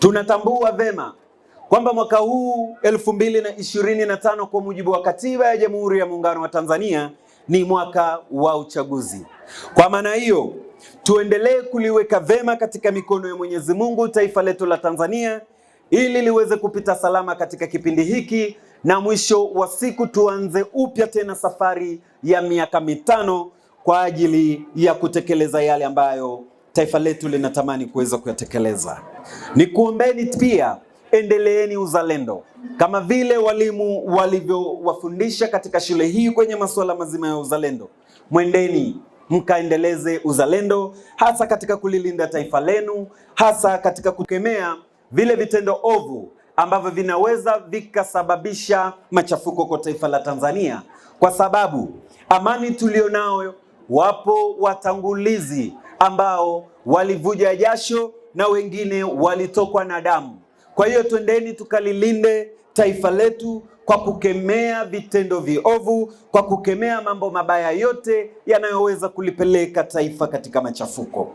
Tunatambua vema kwamba mwaka huu 2025 kwa mujibu wa katiba ya Jamhuri ya Muungano wa Tanzania ni mwaka wa uchaguzi. Kwa maana hiyo, tuendelee kuliweka vema katika mikono ya Mwenyezi Mungu taifa letu la Tanzania ili liweze kupita salama katika kipindi hiki na mwisho wa siku tuanze upya tena safari ya miaka mitano kwa ajili ya kutekeleza yale ambayo taifa letu linatamani kuweza kuyatekeleza. Ni kuombeni pia endeleeni uzalendo kama vile walimu walivyowafundisha katika shule hii kwenye masuala mazima ya uzalendo. Mwendeni mkaendeleze uzalendo, hasa katika kulilinda taifa lenu, hasa katika kukemea vile vitendo ovu ambavyo vinaweza vikasababisha machafuko kwa taifa la Tanzania, kwa sababu amani tulionayo, wapo watangulizi ambao walivuja jasho na wengine walitokwa na damu. Kwa hiyo twendeni tukalilinde taifa letu kwa kukemea vitendo viovu, kwa kukemea mambo mabaya yote yanayoweza kulipeleka taifa katika machafuko.